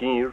Sim,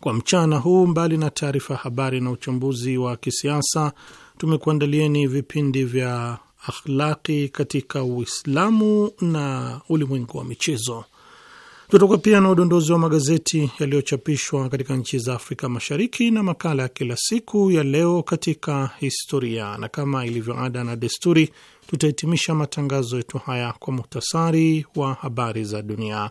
Kwa mchana huu, mbali na taarifa ya habari na uchambuzi wa kisiasa, tumekuandalieni vipindi vya akhlaki katika Uislamu na ulimwengu wa michezo. Tutakuwa pia na udondozi wa magazeti yaliyochapishwa katika nchi za Afrika Mashariki na makala ya kila siku ya leo katika historia, na kama ilivyo ada na desturi, tutahitimisha matangazo yetu haya kwa muhtasari wa habari za dunia.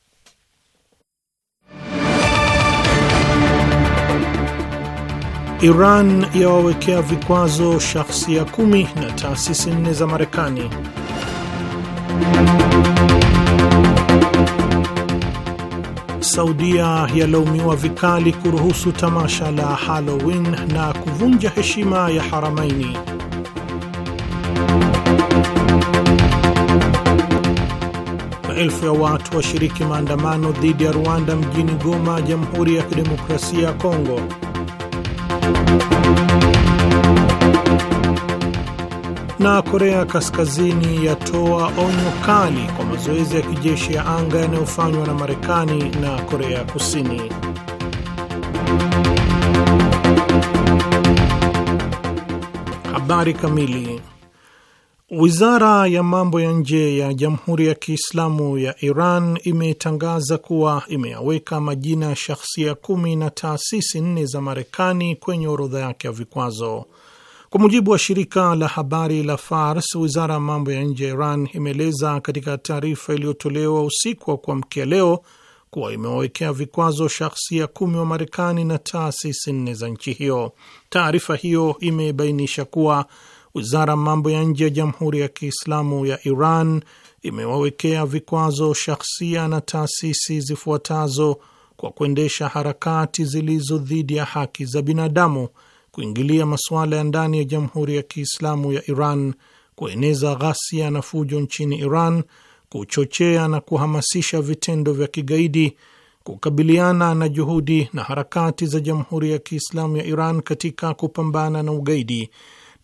Iran yawawekea vikwazo shahsia kumi na taasisi nne za Marekani. Saudia yalaumiwa vikali kuruhusu tamasha la Halloween na kuvunja heshima ya Haramaini. Maelfu ya watu washiriki maandamano dhidi ya Rwanda mjini Goma, Jamhuri ya Kidemokrasia ya Kongo. Na Korea Kaskazini yatoa onyo kali kwa mazoezi ya kijeshi ya anga yanayofanywa na Marekani na Korea Kusini. Habari kamili. Wizara ya mambo ya nje ya Jamhuri ya Kiislamu ya Iran imetangaza kuwa imeyaweka majina ya shahsia kumi na taasisi nne za Marekani kwenye orodha yake ya vikwazo. Kwa mujibu wa shirika la habari la Fars, wizara ya mambo ya nje ya Iran imeeleza katika taarifa iliyotolewa usiku wa kuamkia leo kuwa imewawekea vikwazo shahsia kumi wa Marekani na taasisi nne za nchi hiyo. Taarifa hiyo imebainisha kuwa Wizara ya mambo ya nje ya Jamhuri ya Kiislamu ya Iran imewawekea vikwazo shahsia na taasisi zifuatazo kwa kuendesha harakati zilizo dhidi ya haki za binadamu, kuingilia masuala ya ndani ya Jamhuri ya Kiislamu ya Iran, kueneza ghasia na fujo nchini Iran, kuchochea na kuhamasisha vitendo vya kigaidi, kukabiliana na juhudi na harakati za Jamhuri ya Kiislamu ya Iran katika kupambana na ugaidi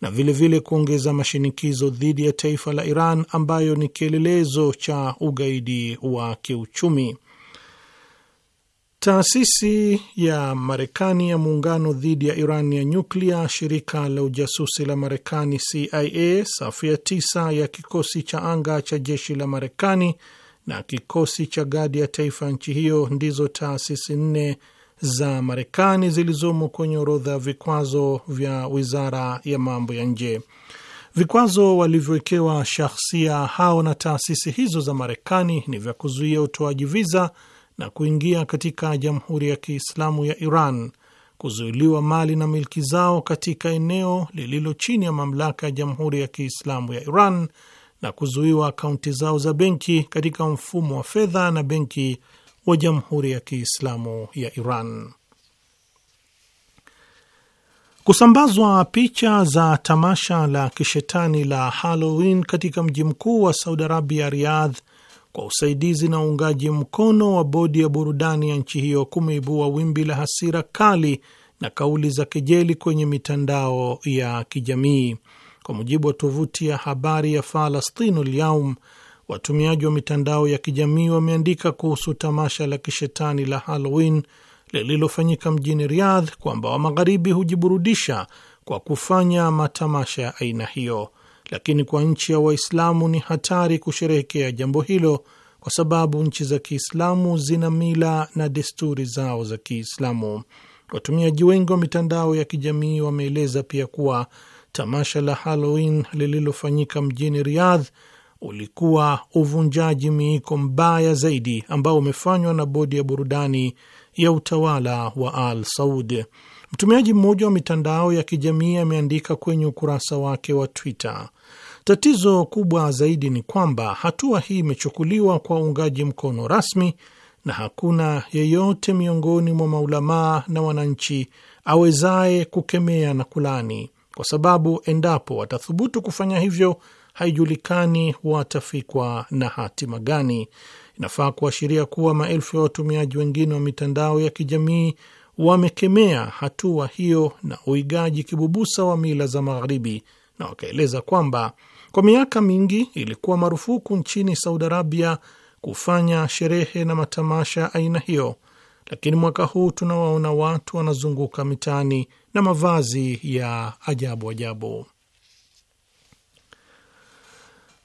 na vilevile kuongeza mashinikizo dhidi ya taifa la Iran ambayo ni kielelezo cha ugaidi wa kiuchumi. Taasisi ya Marekani ya muungano dhidi ya Iran ya nyuklia, shirika la ujasusi la Marekani CIA, safu ya tisa ya kikosi cha anga cha jeshi la Marekani na kikosi cha gadi ya taifa nchi hiyo ndizo taasisi nne za Marekani zilizomo kwenye orodha ya vikwazo vya wizara ya mambo ya nje. Vikwazo walivyowekewa shahsia hao na taasisi hizo za Marekani ni vya kuzuia utoaji viza na kuingia katika Jamhuri ya Kiislamu ya Iran, kuzuiliwa mali na milki zao katika eneo lililo chini ya mamlaka ya Jamhuri ya Kiislamu ya Iran na kuzuiwa akaunti zao za benki katika mfumo wa fedha na benki wa Jamhuri ya Kiislamu ya Iran. Kusambazwa picha za tamasha la kishetani la Halloween katika mji mkuu wa Saudi Arabia, Riyadh, kwa usaidizi na uungaji mkono wa bodi ya burudani ya nchi hiyo kumeibua wimbi la hasira kali na kauli za kejeli kwenye mitandao ya kijamii. Kwa mujibu wa tovuti ya habari ya Falastinu Lyaum, Watumiaji wa mitandao ya kijamii wameandika kuhusu tamasha la kishetani la Halloween lililofanyika mjini Riyadh kwamba wa magharibi hujiburudisha kwa kufanya matamasha ya aina hiyo, lakini kwa nchi ya Waislamu ni hatari kusherehekea jambo hilo kwa sababu nchi za Kiislamu zina mila na desturi zao za Kiislamu. Watumiaji wengi wa mitandao ya kijamii wameeleza pia kuwa tamasha la Halloween lililofanyika mjini Riyadh ulikuwa uvunjaji miiko mbaya zaidi ambao umefanywa na bodi ya burudani ya utawala wa Al Saud. Mtumiaji mmoja wa mitandao ya kijamii ameandika kwenye ukurasa wake wa Twitter, tatizo kubwa zaidi ni kwamba hatua hii imechukuliwa kwa uungaji mkono rasmi na hakuna yeyote miongoni mwa maulamaa na wananchi awezaye kukemea na kulani, kwa sababu endapo watathubutu kufanya hivyo haijulikani watafikwa na hatima gani. Inafaa kuashiria kuwa maelfu ya watumiaji wengine wa mitandao ya kijamii wamekemea hatua hiyo na uigaji kibubusa wa mila za Magharibi, na wakaeleza kwamba kwa miaka mingi ilikuwa marufuku nchini Saudi Arabia kufanya sherehe na matamasha aina hiyo, lakini mwaka huu tunawaona watu wanazunguka mitaani na mavazi ya ajabu ajabu.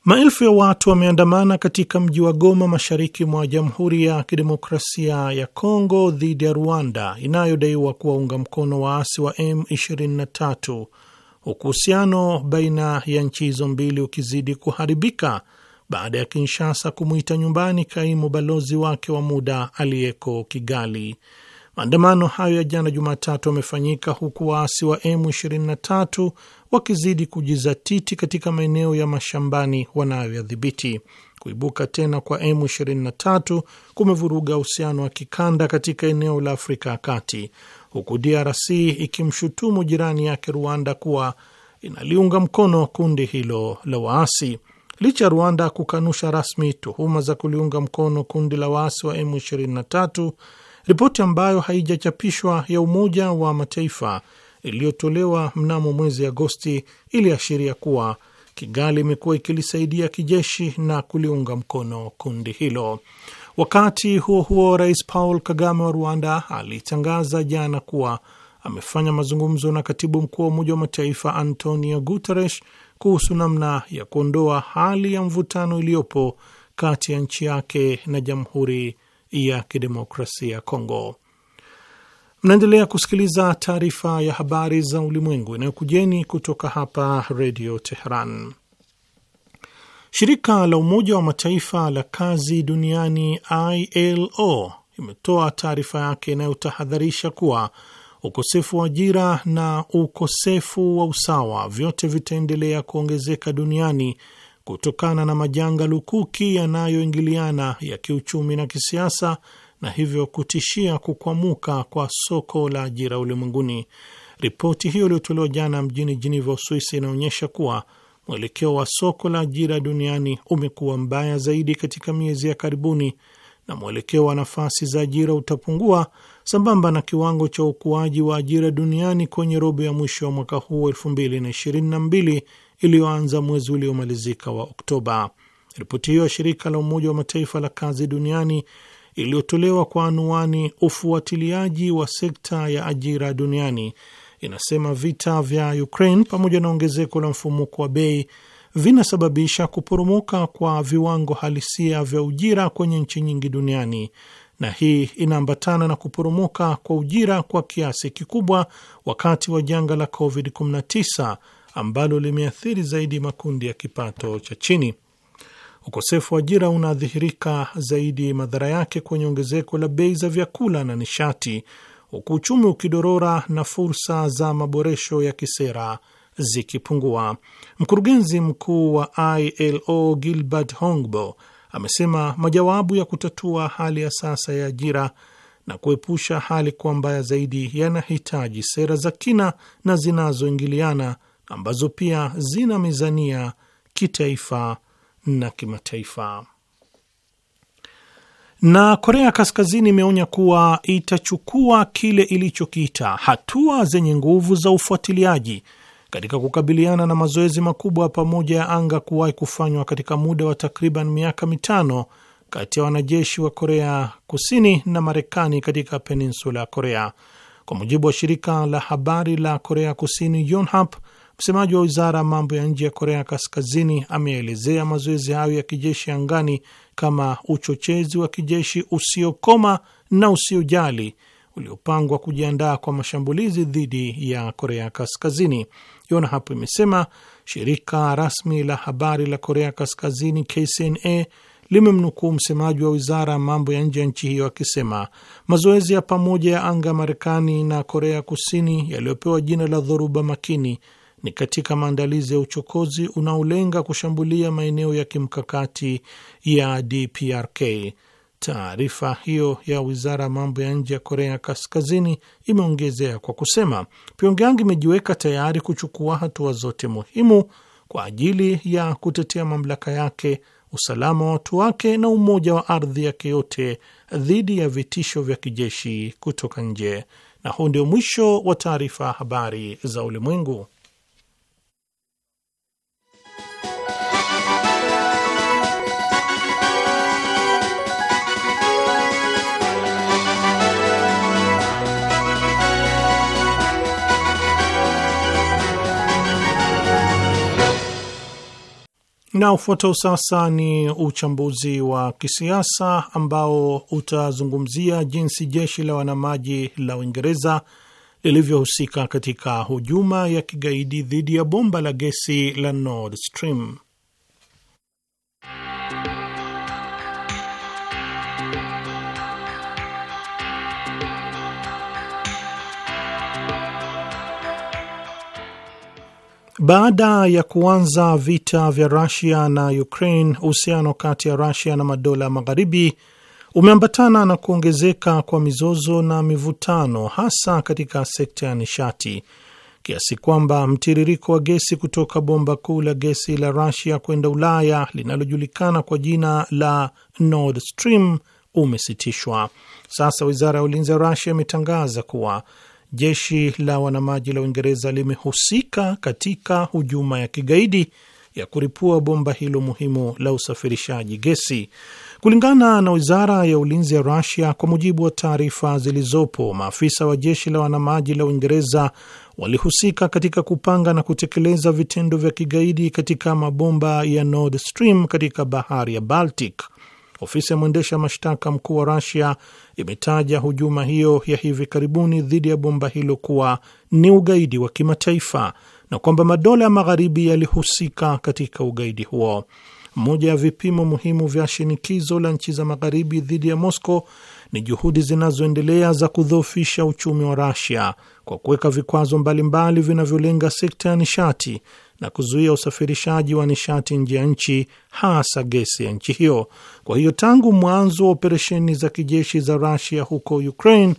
Maelfu ya watu wameandamana katika mji wa Goma mashariki mwa Jamhuri ya Kidemokrasia ya Kongo dhidi ya Rwanda inayodaiwa kuwaunga mkono waasi wa M23 huku uhusiano baina ya nchi hizo mbili ukizidi kuharibika baada ya Kinshasa kumwita nyumbani kaimu balozi wake wa muda aliyeko Kigali. Maandamano hayo ya jana Jumatatu yamefanyika huku waasi wa M23 wakizidi kujizatiti katika maeneo ya mashambani wanayoyadhibiti. Kuibuka tena kwa M23 kumevuruga uhusiano wa kikanda katika eneo la Afrika ya Kati, huku DRC ikimshutumu jirani yake Rwanda kuwa inaliunga mkono kundi hilo la waasi licha ya Rwanda kukanusha rasmi tuhuma za kuliunga mkono kundi la waasi wa M23. Ripoti ambayo haijachapishwa ya Umoja wa Mataifa iliyotolewa mnamo mwezi Agosti iliashiria kuwa Kigali imekuwa ikilisaidia kijeshi na kuliunga mkono kundi hilo. Wakati huo huo, Rais Paul Kagame wa Rwanda alitangaza jana kuwa amefanya mazungumzo na katibu mkuu wa Umoja wa Mataifa Antonio Guterres kuhusu namna ya kuondoa hali ya mvutano iliyopo kati ya nchi yake na Jamhuri ya Kidemokrasia Kongo. Mnaendelea kusikiliza taarifa ya habari za ulimwengu inayokujeni kutoka hapa Redio Teheran. Shirika la Umoja wa Mataifa la kazi duniani ILO imetoa taarifa yake inayotahadharisha kuwa ukosefu wa ajira na ukosefu wa usawa vyote vitaendelea kuongezeka duniani kutokana na majanga lukuki yanayoingiliana ya kiuchumi na kisiasa na hivyo kutishia kukwamuka kwa soko la ajira ulimwenguni. Ripoti hiyo iliyotolewa jana mjini Geneva, Uswisi, inaonyesha kuwa mwelekeo wa soko la ajira duniani umekuwa mbaya zaidi katika miezi ya karibuni na mwelekeo wa nafasi za ajira utapungua sambamba na kiwango cha ukuaji wa ajira duniani kwenye robo ya mwisho wa mwaka huu 2022 iliyoanza mwezi uliomalizika wa Oktoba. Ripoti hiyo ya shirika la Umoja wa Mataifa la kazi duniani iliyotolewa kwa anuani ufuatiliaji wa sekta ya ajira duniani inasema vita vya Ukraine pamoja na ongezeko la mfumuko wa bei vinasababisha kuporomoka kwa viwango halisia vya ujira kwenye nchi nyingi duniani, na hii inaambatana na kuporomoka kwa ujira kwa kiasi kikubwa wakati wa janga la COVID-19 ambalo limeathiri zaidi makundi ya kipato cha chini. Ukosefu wa ajira unadhihirika zaidi madhara yake kwenye ongezeko la bei za vyakula na nishati, huku uchumi ukidorora na fursa za maboresho ya kisera zikipungua. Mkurugenzi mkuu wa ILO Gilbert Hongbo amesema majawabu ya kutatua hali ya sasa ya ajira na kuepusha hali kuwa mbaya zaidi yanahitaji sera za kina na zinazoingiliana ambazo pia zina mizania kitaifa na kimataifa. Na Korea Kaskazini imeonya kuwa itachukua kile ilichokiita hatua zenye nguvu za ufuatiliaji katika kukabiliana na mazoezi makubwa pamoja ya anga kuwahi kufanywa katika muda wa takriban miaka mitano kati ya wanajeshi wa Korea Kusini na Marekani katika peninsula ya Korea. Kwa mujibu wa shirika la habari la Korea Kusini Yonhap, Msemaji wa wizara ya mambo ya nje ya Korea Kaskazini ameelezea mazoezi hayo ya kijeshi angani kama uchochezi wa kijeshi usiokoma na usiojali uliopangwa kujiandaa kwa mashambulizi dhidi ya Korea Kaskazini. Yona hapo imesema shirika rasmi la habari la Korea Kaskazini KCNA limemnukuu msemaji wa wizara ya mambo ya nje ya nchi hiyo akisema mazoezi ya pamoja ya anga ya Marekani na Korea Kusini yaliyopewa jina la dhoruba makini ni katika maandalizi ya uchokozi unaolenga kushambulia maeneo ya kimkakati ya DPRK. Taarifa hiyo ya wizara ya mambo ya nje ya Korea Kaskazini imeongezea kwa kusema Pyongyang imejiweka tayari kuchukua hatua zote muhimu kwa ajili ya kutetea mamlaka yake, usalama wa watu wake na umoja wa ardhi yake yote dhidi ya vitisho vya kijeshi kutoka nje. Na huu ndio mwisho wa taarifa habari za ulimwengu. Na ufuatao sasa ni uchambuzi wa kisiasa ambao utazungumzia jinsi jeshi la wanamaji la Uingereza lilivyohusika katika hujuma ya kigaidi dhidi ya bomba la gesi la Nord Stream. Baada ya kuanza vita vya Rusia na Ukraine, uhusiano kati ya Rusia na madola ya magharibi umeambatana na kuongezeka kwa mizozo na mivutano, hasa katika sekta ya nishati, kiasi kwamba mtiririko wa gesi kutoka bomba kuu la gesi la Rusia kwenda Ulaya linalojulikana kwa jina la Nord Stream umesitishwa. Sasa wizara ya ulinzi ya Rusia imetangaza kuwa jeshi la wanamaji la Uingereza limehusika katika hujuma ya kigaidi ya kuripua bomba hilo muhimu la usafirishaji gesi, kulingana na wizara ya ulinzi ya Rusia. Kwa mujibu wa taarifa zilizopo, maafisa wa jeshi la wanamaji la Uingereza walihusika katika kupanga na kutekeleza vitendo vya kigaidi katika mabomba ya Nord Stream katika bahari ya Baltic Ofisi ya mwendesha mashtaka mkuu wa Rasia imetaja hujuma hiyo ya hivi karibuni dhidi ya bomba hilo kuwa ni ugaidi wa kimataifa na kwamba madola ya magharibi yalihusika katika ugaidi huo. Moja ya vipimo muhimu vya shinikizo la nchi za magharibi dhidi ya Moscow ni juhudi zinazoendelea za kudhoofisha uchumi wa Rasia kwa kuweka vikwazo mbalimbali vinavyolenga sekta ya nishati na kuzuia usafirishaji wa nishati nje ya nchi, hasa gesi ya nchi hiyo. Kwa hiyo tangu mwanzo wa operesheni za kijeshi za rasia huko Ukraine,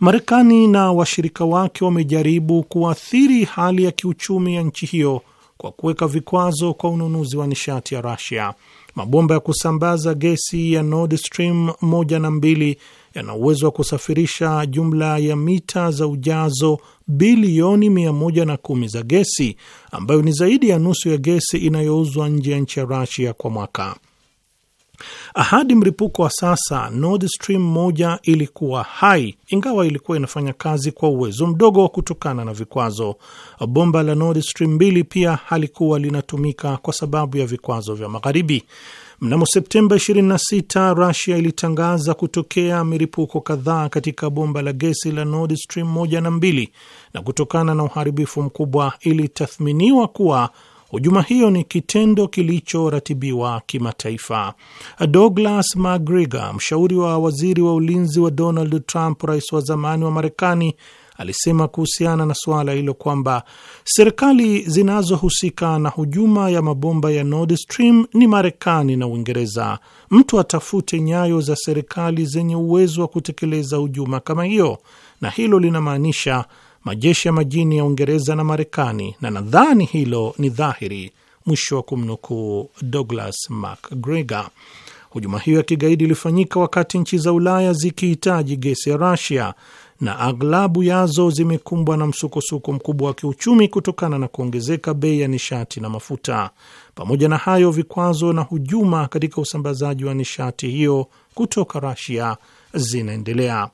Marekani na washirika wake wamejaribu kuathiri hali ya kiuchumi ya nchi hiyo kwa kuweka vikwazo kwa ununuzi wa nishati ya rasia Mabomba ya kusambaza gesi ya Nord Stream moja na mbili yana uwezo wa kusafirisha jumla ya mita za ujazo bilioni 110 za gesi ambayo ni zaidi ya nusu ya gesi inayouzwa nje ya nchi ya rasia kwa mwaka. Ahadi mripuko wa sasa Nord Stream moja ilikuwa hai, ingawa ilikuwa inafanya kazi kwa uwezo mdogo wa kutokana na vikwazo. Bomba la Nord Stream mbili pia halikuwa linatumika kwa sababu ya vikwazo vya Magharibi. Mnamo Septemba 26 Rusia ilitangaza kutokea milipuko kadhaa katika bomba la gesi la Nord Stream moja na mbili, na kutokana na uharibifu mkubwa ilitathminiwa kuwa hujuma hiyo ni kitendo kilichoratibiwa kimataifa. Douglas McGregor, mshauri wa waziri wa ulinzi wa Donald Trump, rais wa zamani wa Marekani, alisema kuhusiana na suala hilo kwamba serikali zinazohusika na hujuma ya mabomba ya Nord Stream ni Marekani na Uingereza. Mtu atafute nyayo za serikali zenye uwezo wa kutekeleza hujuma kama hiyo, na hilo linamaanisha majeshi ya majini ya Uingereza na Marekani, na nadhani hilo ni dhahiri. Mwisho wa kumnukuu Douglas MacGregor. Hujuma hiyo ya kigaidi ilifanyika wakati nchi za Ulaya zikihitaji gesi ya rasia na aghlabu yazo zimekumbwa na msukosuko mkubwa wa kiuchumi kutokana na kuongezeka bei ya nishati na mafuta. Pamoja na hayo, vikwazo na hujuma katika usambazaji wa nishati hiyo kutoka rasia zinaendelea.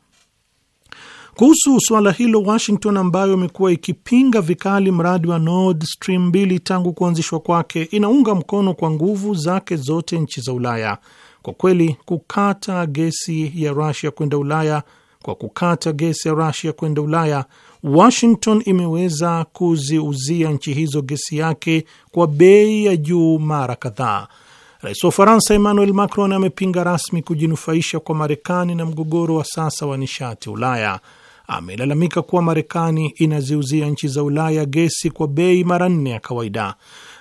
Kuhusu suala hilo, Washington ambayo imekuwa ikipinga vikali mradi wa Nord Stream 2 tangu kuanzishwa kwake, inaunga mkono kwa nguvu zake zote nchi za Ulaya. Kwa kweli, kukata gesi ya rasia kwenda Ulaya kwa kukata gesi ya rusia kwenda Ulaya, Washington imeweza kuziuzia nchi hizo gesi yake kwa bei ya juu mara kadhaa. Rais wa Ufaransa Emmanuel Macron amepinga rasmi kujinufaisha kwa Marekani na mgogoro wa sasa wa nishati Ulaya. Amelalamika kuwa Marekani inaziuzia nchi za Ulaya gesi kwa bei mara nne ya kawaida.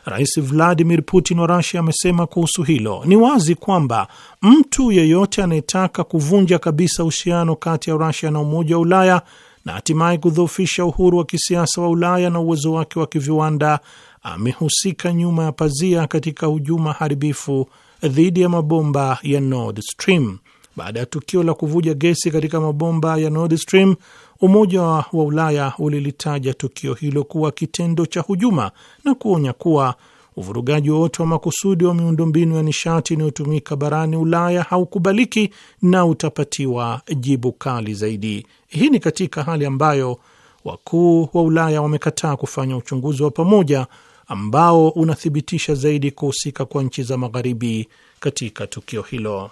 Rais Vladimir Putin wa Rasia amesema kuhusu hilo, ni wazi kwamba mtu yeyote anayetaka kuvunja kabisa uhusiano kati ya Rasia na Umoja wa Ulaya na hatimaye kudhoofisha uhuru wa kisiasa wa Ulaya na uwezo wake wa kiviwanda amehusika nyuma ya pazia katika hujuma haribifu dhidi ya mabomba ya Nord Stream. Baada ya tukio la kuvuja gesi katika mabomba ya Nord Stream, Umoja wa Ulaya ulilitaja tukio hilo kuwa kitendo cha hujuma na kuonya kuwa uvurugaji wowote wa makusudi wa miundombinu ya nishati inayotumika barani Ulaya haukubaliki na utapatiwa jibu kali zaidi. Hii ni katika hali ambayo wakuu wa Ulaya wamekataa kufanya uchunguzi wa pamoja ambao unathibitisha zaidi kuhusika kwa nchi za magharibi katika tukio hilo.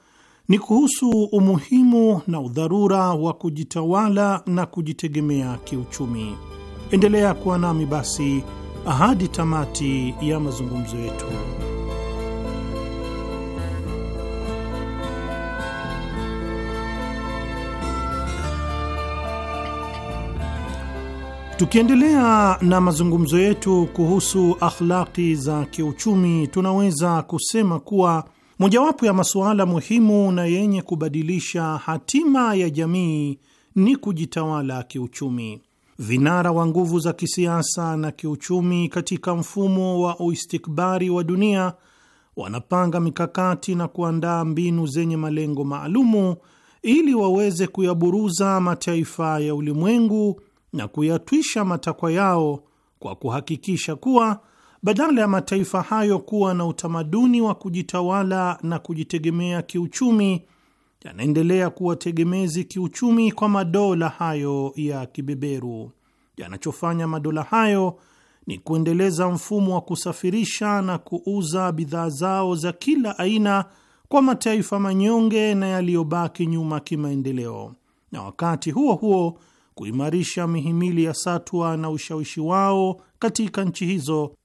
ni kuhusu umuhimu na udharura wa kujitawala na kujitegemea kiuchumi. Endelea kuwa nami basi hadi tamati ya mazungumzo yetu. Tukiendelea na mazungumzo yetu kuhusu akhlaki za kiuchumi, tunaweza kusema kuwa Mojawapo ya masuala muhimu na yenye kubadilisha hatima ya jamii ni kujitawala kiuchumi. Vinara wa nguvu za kisiasa na kiuchumi katika mfumo wa uistikbari wa dunia wanapanga mikakati na kuandaa mbinu zenye malengo maalumu ili waweze kuyaburuza mataifa ya ulimwengu na kuyatwisha matakwa yao kwa kuhakikisha kuwa badala ya mataifa hayo kuwa na utamaduni wa kujitawala na kujitegemea kiuchumi, yanaendelea kuwa tegemezi kiuchumi kwa madola hayo ya kibeberu. Yanachofanya madola hayo ni kuendeleza mfumo wa kusafirisha na kuuza bidhaa zao za kila aina kwa mataifa manyonge na yaliyobaki nyuma kimaendeleo, na wakati huo huo kuimarisha mihimili ya satwa na ushawishi wao katika nchi hizo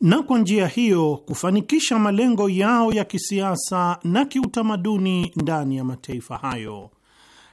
na kwa njia hiyo kufanikisha malengo yao ya kisiasa na kiutamaduni ndani ya mataifa hayo.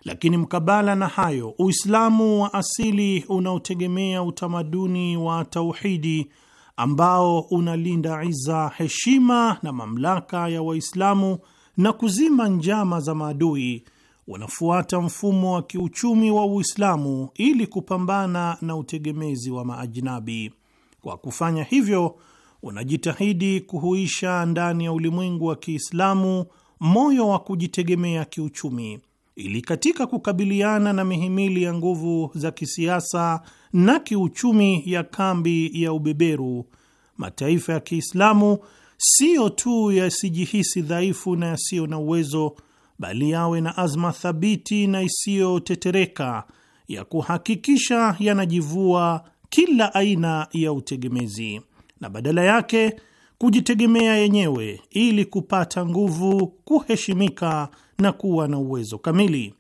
Lakini mkabala na hayo, Uislamu wa asili unaotegemea utamaduni wa tauhidi ambao unalinda iza, heshima na mamlaka ya Waislamu na kuzima njama za maadui unafuata mfumo wa kiuchumi wa Uislamu ili kupambana na utegemezi wa maajinabi. Kwa kufanya hivyo unajitahidi kuhuisha ndani ya ulimwengu wa Kiislamu moyo wa kujitegemea kiuchumi ili katika kukabiliana na mihimili ya nguvu za kisiasa na kiuchumi ya kambi ya ubeberu, mataifa ya Kiislamu siyo tu yasijihisi dhaifu na yasiyo na uwezo, bali yawe na azma thabiti na isiyotetereka ya kuhakikisha yanajivua kila aina ya utegemezi na badala yake kujitegemea yenyewe ili kupata nguvu, kuheshimika na kuwa na uwezo kamili.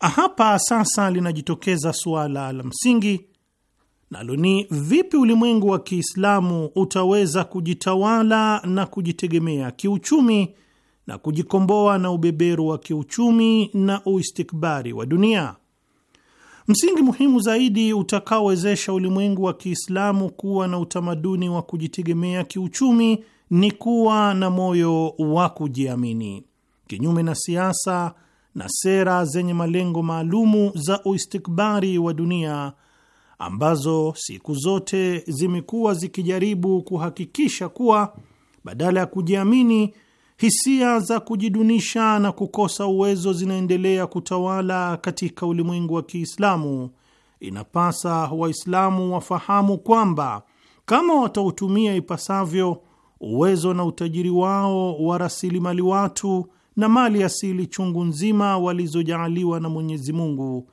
Hapa sasa linajitokeza suala la msingi nalo ni vipi ulimwengu wa Kiislamu utaweza kujitawala na kujitegemea kiuchumi na kujikomboa na ubeberu wa kiuchumi na uistikbari wa dunia. Msingi muhimu zaidi utakaowezesha ulimwengu wa Kiislamu kuwa na utamaduni wa kujitegemea kiuchumi ni kuwa na moyo wa kujiamini, kinyume na siasa na sera zenye malengo maalumu za uistikbari wa dunia ambazo siku zote zimekuwa zikijaribu kuhakikisha kuwa badala ya kujiamini hisia za kujidunisha na kukosa uwezo zinaendelea kutawala katika ulimwengu wa Kiislamu, inapasa Waislamu wafahamu kwamba kama watautumia ipasavyo uwezo na utajiri wao wa rasilimali watu na mali asili chungu nzima walizojaaliwa na Mwenyezi Mungu,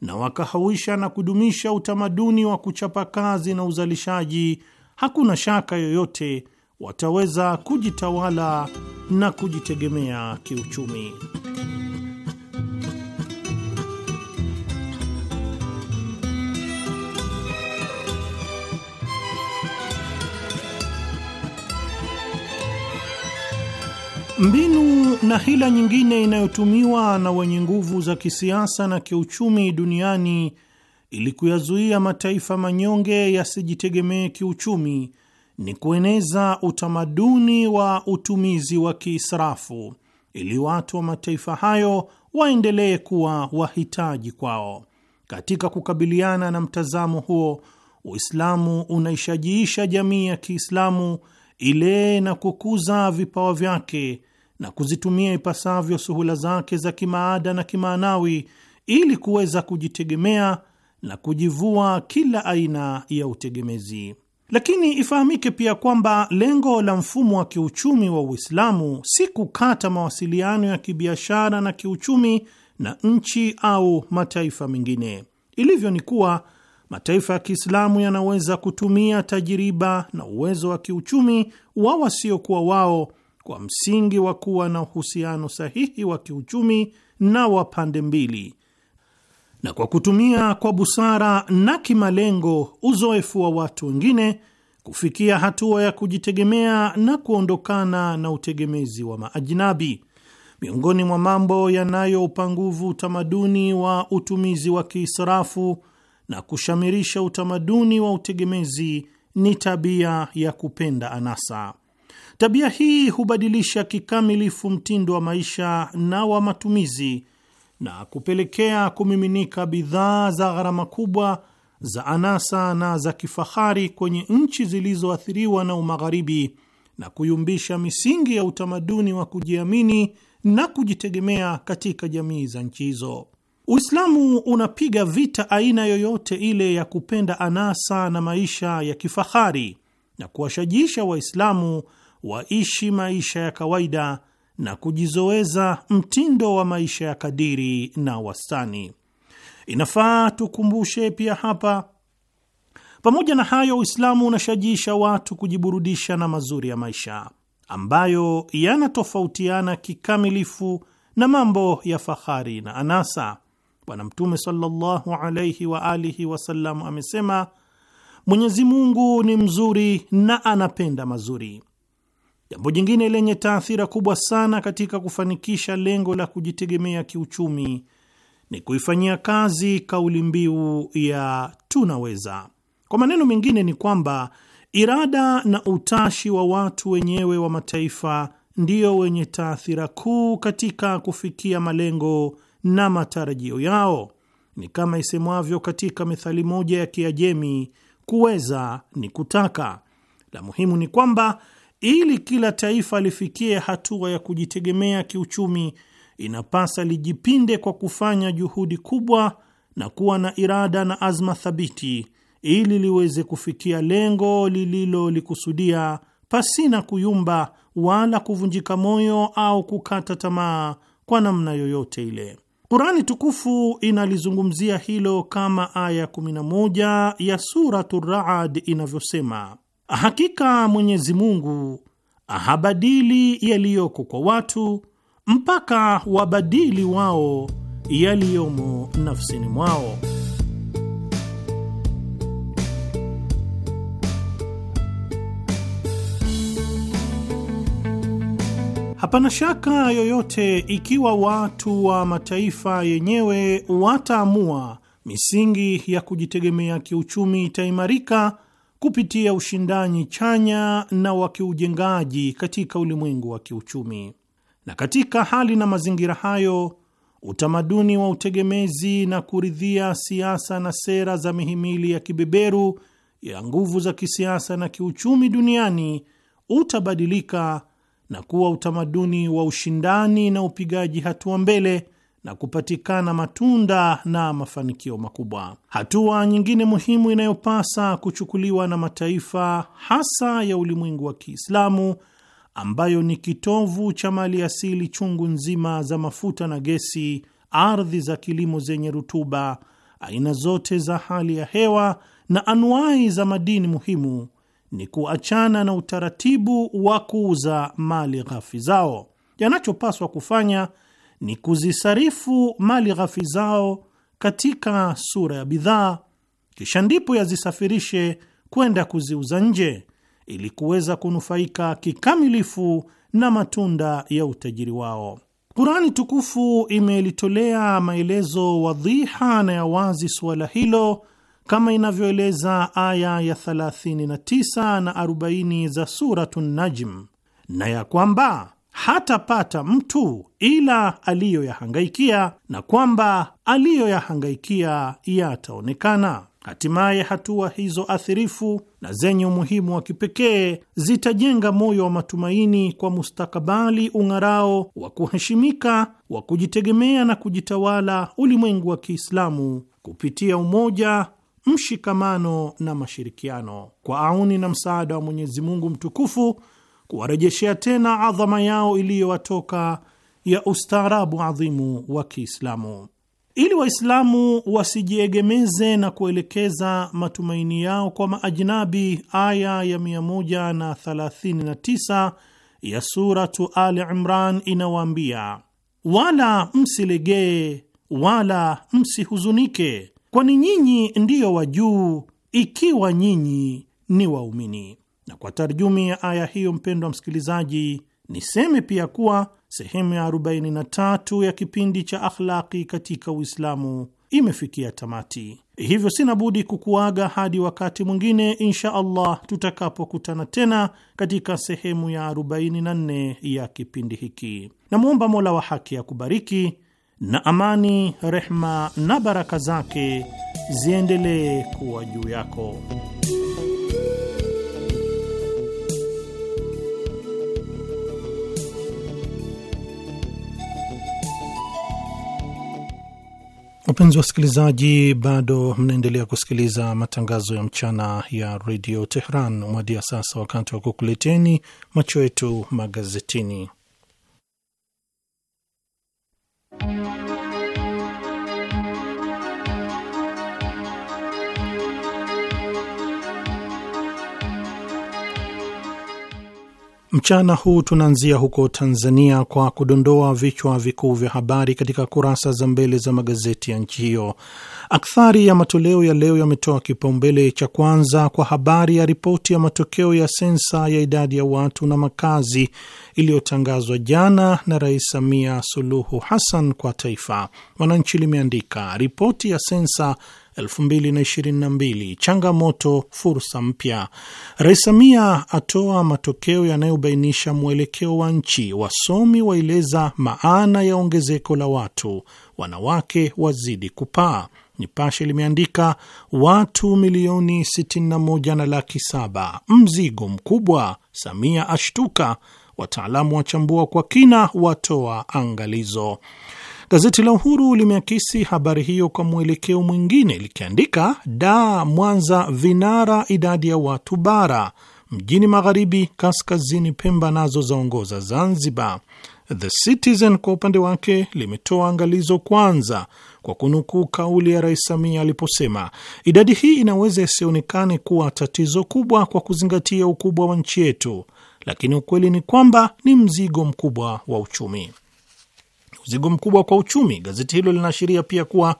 na wakahawisha na kudumisha utamaduni wa kuchapa kazi na uzalishaji, hakuna shaka yoyote wataweza kujitawala na kujitegemea kiuchumi. Mbinu na hila nyingine inayotumiwa na wenye nguvu za kisiasa na kiuchumi duniani ili kuyazuia mataifa manyonge yasijitegemee kiuchumi ni kueneza utamaduni wa utumizi wa kiisrafu ili watu wa mataifa hayo waendelee kuwa wahitaji kwao. Katika kukabiliana na mtazamo huo, Uislamu unaishajiisha jamii ya Kiislamu ile na kukuza vipawa vyake na kuzitumia ipasavyo suhula zake za kimaada na kimaanawi ili kuweza kujitegemea na kujivua kila aina ya utegemezi. Lakini ifahamike pia kwamba lengo la mfumo wa kiuchumi wa Uislamu si kukata mawasiliano ya kibiashara na kiuchumi na nchi au mataifa mengine. Ilivyo ni kuwa mataifa ya Kiislamu yanaweza kutumia tajiriba na uwezo wa kiuchumi wa wasiokuwa wao kwa msingi wa kuwa na uhusiano sahihi wa kiuchumi na wa pande mbili na kwa kutumia kwa busara na kimalengo uzoefu wa watu wengine kufikia hatua ya kujitegemea na kuondokana na utegemezi wa maajinabi. Miongoni mwa mambo yanayoupa nguvu utamaduni wa utumizi wa kiisarafu na kushamirisha utamaduni wa utegemezi ni tabia ya kupenda anasa. Tabia hii hubadilisha kikamilifu mtindo wa maisha na wa matumizi na kupelekea kumiminika bidhaa za gharama kubwa za anasa na za kifahari kwenye nchi zilizoathiriwa na umagharibi na kuyumbisha misingi ya utamaduni wa kujiamini na kujitegemea katika jamii za nchi hizo. Uislamu unapiga vita aina yoyote ile ya kupenda anasa na maisha ya kifahari na kuwashajisha Waislamu waishi maisha ya kawaida na kujizoweza mtindo wa maisha ya kadiri na wastani. Inafaa tukumbushe pia hapa, pamoja na hayo, Uislamu unashajiisha watu kujiburudisha na mazuri ya maisha ambayo yanatofautiana kikamilifu na mambo ya fahari na anasa. Bwana Mtume sallallahu alaihi wa alihi wasallam amesema, Mwenyezi Mungu ni mzuri na anapenda mazuri. Jambo jingine lenye taathira kubwa sana katika kufanikisha lengo la kujitegemea kiuchumi ni kuifanyia kazi kauli mbiu ya tunaweza. Kwa maneno mengine, ni kwamba irada na utashi wa watu wenyewe wa mataifa ndio wenye taathira kuu katika kufikia malengo na matarajio yao. Ni kama isemwavyo katika methali moja ya Kiajemi, kuweza ni kutaka. La muhimu ni kwamba ili kila taifa lifikie hatua ya kujitegemea kiuchumi, inapasa lijipinde kwa kufanya juhudi kubwa na kuwa na irada na azma thabiti ili liweze kufikia lengo lililolikusudia pasina kuyumba wala kuvunjika moyo au kukata tamaa kwa namna yoyote ile. Kurani tukufu inalizungumzia hilo kama aya 11 ya Suratu Raad inavyosema: Hakika Mwenyezi Mungu habadili yaliyoko kwa watu mpaka wabadili wao yaliyomo nafsini mwao. Hapana shaka yoyote ikiwa watu wa mataifa yenyewe wataamua misingi ya kujitegemea kiuchumi itaimarika kupitia ushindani chanya na wa kiujengaji katika ulimwengu wa kiuchumi. Na katika hali na mazingira hayo, utamaduni wa utegemezi na kuridhia siasa na sera za mihimili ya kibeberu ya nguvu za kisiasa na kiuchumi duniani utabadilika na kuwa utamaduni wa ushindani na upigaji hatua mbele na kupatikana matunda na mafanikio makubwa. Hatua nyingine muhimu inayopasa kuchukuliwa na mataifa hasa ya ulimwengu wa Kiislamu ambayo ni kitovu cha mali asili chungu nzima za mafuta na gesi, ardhi za kilimo zenye rutuba, aina zote za hali ya hewa na anuai za madini muhimu, ni kuachana na utaratibu wa kuuza mali ghafi zao. Yanachopaswa kufanya ni kuzisarifu mali ghafi zao katika sura ya bidhaa, kisha ndipo yazisafirishe kwenda kuziuza nje ili kuweza kunufaika kikamilifu na matunda ya utajiri wao. Kurani tukufu imelitolea maelezo wadhiha na ya wazi suala hilo kama inavyoeleza aya ya 39 na 40 za Suratu Najm, na ya kwamba hatapata mtu ila aliyoyahangaikia na kwamba aliyoyahangaikia yataonekana. Hatimaye hatua hizo athirifu na zenye umuhimu wa kipekee zitajenga moyo wa matumaini kwa mustakabali ung'arao wa kuheshimika wa kujitegemea na kujitawala ulimwengu wa Kiislamu kupitia umoja, mshikamano na mashirikiano. Kwa auni na msaada wa Mwenyezi Mungu mtukufu kuwarejeshea tena adhama yao iliyowatoka ya ustaarabu adhimu wa Kiislamu, ili Waislamu wasijiegemeze na kuelekeza matumaini yao kwa maajnabi. Aya ya 139 ya Suratu al Imran inawaambia, wala msilegee wala msihuzunike, kwani nyinyi ndiyo wajuu, ikiwa nyinyi ni waumini. Na kwa tarjumi ya aya hiyo, mpendwa msikilizaji, niseme pia kuwa sehemu ya 43 ya kipindi cha akhlaqi katika Uislamu imefikia tamati. Hivyo sina budi kukuaga hadi wakati mwingine insha Allah tutakapokutana tena katika sehemu ya 44 ya kipindi hiki. Namwomba Mola wa haki akubariki na amani, rehma na baraka zake ziendelee kuwa juu yako. Wapenzi wasikilizaji, bado mnaendelea kusikiliza matangazo ya mchana ya redio Tehran. Mwadia sasa wakati wa kukuleteni macho yetu magazetini. Mchana huu tunaanzia huko Tanzania kwa kudondoa vichwa vikuu vya habari katika kurasa za mbele za magazeti ya nchi hiyo. Akthari ya matoleo ya leo yametoa kipaumbele cha kwanza kwa habari ya ripoti ya matokeo ya sensa ya idadi ya watu na makazi iliyotangazwa jana na Rais Samia Suluhu Hassan kwa taifa. Mwananchi limeandika ripoti ya sensa 2022, changamoto, fursa mpya. Rais Samia atoa matokeo yanayobainisha mwelekeo wa nchi. Wasomi waeleza maana ya ongezeko la watu, wanawake wazidi kupaa. Nipashe limeandika watu milioni 61 na laki saba, mzigo mkubwa, Samia ashtuka, wataalamu wachambua kwa kina, watoa angalizo. Gazeti la Uhuru limeakisi habari hiyo kwa mwelekeo mwingine likiandika, da Mwanza vinara idadi ya watu bara, mjini magharibi, kaskazini Pemba nazo zaongoza Zanzibar. The Citizen kwa upande wake limetoa angalizo kwanza kwa kunukuu kauli ya Rais Samia aliposema idadi hii inaweza isionekane kuwa tatizo kubwa kwa kuzingatia ukubwa wa nchi yetu, lakini ukweli ni kwamba ni mzigo mkubwa wa uchumi mzigo mkubwa kwa uchumi. Gazeti hilo linaashiria pia kuwa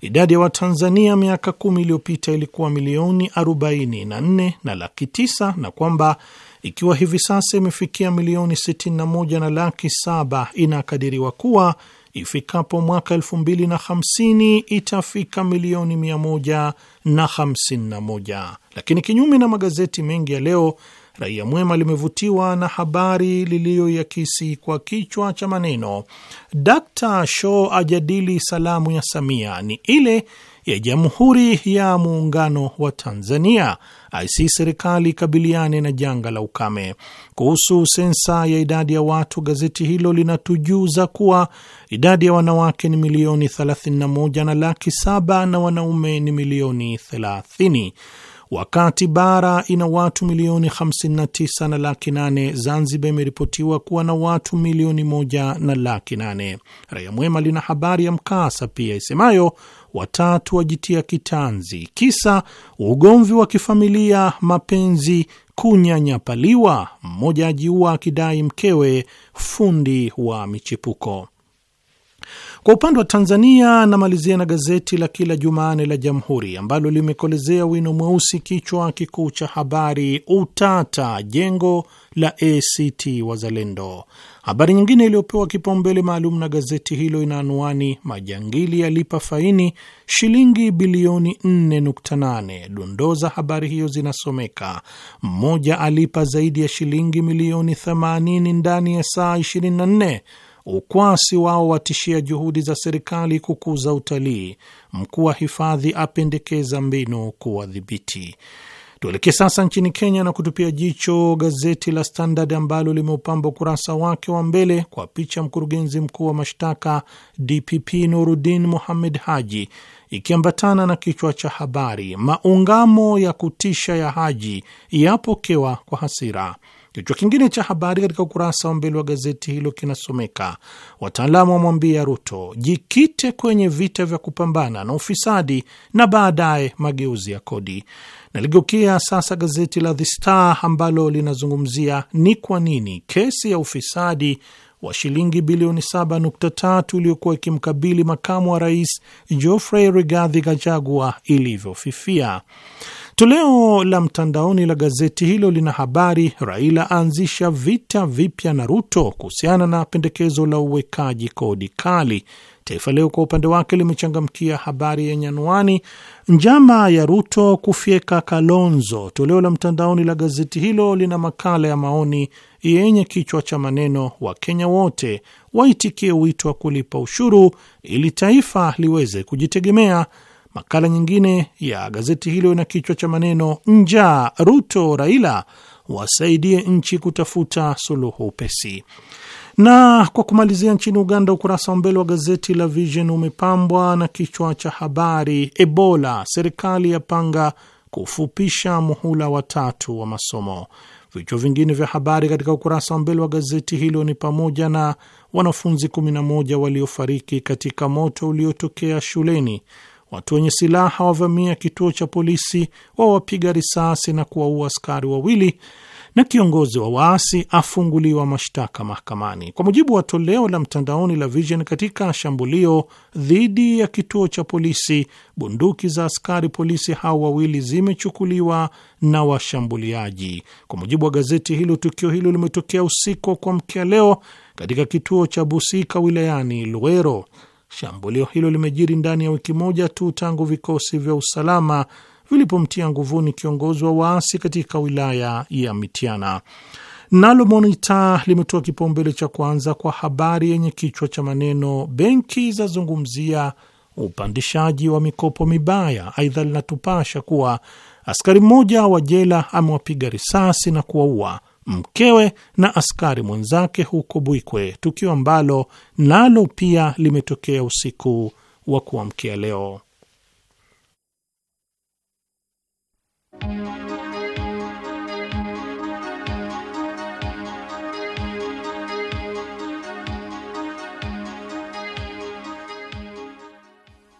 idadi ya Watanzania miaka kumi iliyopita ilikuwa milioni 44 na laki 9 na kwamba ikiwa hivi sasa imefikia milioni 61 na laki 7 inakadiriwa kuwa ifikapo mwaka 2050 itafika milioni 151. Lakini kinyume na magazeti mengi ya leo, Raia Mwema limevutiwa na habari liliyoyakisi kwa kichwa cha maneno d Shaw ajadili salamu ya Samia ni ile ya Jamhuri ya Muungano wa Tanzania, aisi serikali kabiliane na janga la ukame. Kuhusu sensa ya idadi ya watu, gazeti hilo linatujuza kuwa idadi ya wanawake ni milioni 31 na laki 7 na wanaume ni milioni Wakati bara ina watu milioni 59 na laki 8, Zanzibar imeripotiwa kuwa na watu milioni moja na laki 8. Raia Mwema lina habari ya mkasa pia isemayo watatu wajitia kitanzi, kisa ugomvi wa kifamilia, mapenzi kunyanyapaliwa, mmoja ajiua akidai mkewe fundi wa michepuko. Kwa upande wa Tanzania, namalizia na gazeti la kila Jumane la Jamhuri ambalo limekolezea wino mweusi kichwa kikuu cha habari, utata jengo la ACT Wazalendo. Habari nyingine iliyopewa kipaumbele maalum na gazeti hilo ina anwani, majangili yalipa faini shilingi bilioni 4.8. Dondoo za habari hiyo zinasomeka: mmoja alipa zaidi ya shilingi milioni 80 ndani ya saa 24 ukwasi wao watishia juhudi za serikali kukuza utalii, mkuu wa hifadhi apendekeza mbinu kuwadhibiti. Tuelekee sasa nchini Kenya na kutupia jicho gazeti la Standard ambalo limeupamba ukurasa wake wa mbele kwa picha mkurugenzi mkuu wa mashtaka DPP Nuruddin Mohamed Haji ikiambatana na kichwa cha habari maungamo ya kutisha ya Haji yapokewa kwa hasira. Kichwa kingine cha habari katika ukurasa wa mbele wa gazeti hilo kinasomeka wataalamu wamwambia Ruto jikite kwenye vita vya kupambana na ufisadi na baadaye mageuzi ya kodi. Naligeukia sasa gazeti la The Star ambalo linazungumzia ni kwa nini kesi ya ufisadi wa shilingi bilioni 7.3 iliyokuwa ikimkabili makamu wa rais Geoffrey Rigathi Gachagua ilivyofifia. Toleo la mtandaoni la gazeti hilo lina habari, Raila aanzisha vita vipya na Ruto kuhusiana na pendekezo la uwekaji kodi kali. Taifa Leo kwa upande wake limechangamkia habari yenye anwani njama ya Ruto kufyeka Kalonzo. Toleo la mtandaoni la gazeti hilo lina makala ya maoni yenye kichwa cha maneno Wakenya wote waitikie wito wa kulipa ushuru ili taifa liweze kujitegemea Makala nyingine ya gazeti hilo ina kichwa cha maneno njaa, Ruto Raila wasaidie nchi kutafuta suluhu upesi. Na kwa kumalizia, nchini Uganda, ukurasa wa mbele wa gazeti la Vision umepambwa na kichwa cha habari, Ebola serikali yapanga kufupisha muhula watatu wa masomo. Vichwa vingine vya habari katika ukurasa wa mbele wa gazeti hilo ni pamoja na wanafunzi 11 waliofariki katika moto uliotokea shuleni watu wenye silaha wavamia kituo cha polisi, wawapiga risasi na kuwaua askari wawili na kiongozi wa waasi afunguliwa mashtaka mahakamani. Kwa mujibu wa toleo la mtandaoni la Vision, katika shambulio dhidi ya kituo cha polisi, bunduki za askari polisi hao wawili zimechukuliwa na washambuliaji. Kwa mujibu wa gazeti hilo, tukio hilo limetokea usiku kwa mkia leo katika kituo cha Busika wilayani Luero. Shambulio hilo limejiri ndani ya wiki moja tu tangu vikosi vya usalama vilipomtia nguvuni kiongozi wa waasi katika wilaya ya Mitiana. Nalo Monita limetoa kipaumbele cha kwanza kwa habari yenye kichwa cha maneno benki zazungumzia upandishaji wa mikopo mibaya. Aidha, linatupasha kuwa askari mmoja wa jela amewapiga risasi na kuwaua mkewe na askari mwenzake huko Buikwe, tukio ambalo nalo pia limetokea usiku wa kuamkia leo.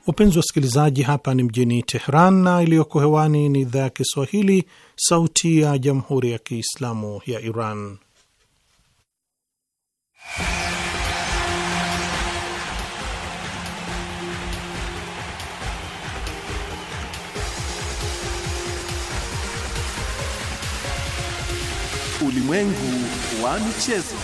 Wapenzi wasikilizaji, hapa ni mjini Tehran na iliyoko hewani ni idhaa ya Kiswahili sauti ya jamhuri ya Kiislamu ya Iran. Ulimwengu wa michezo.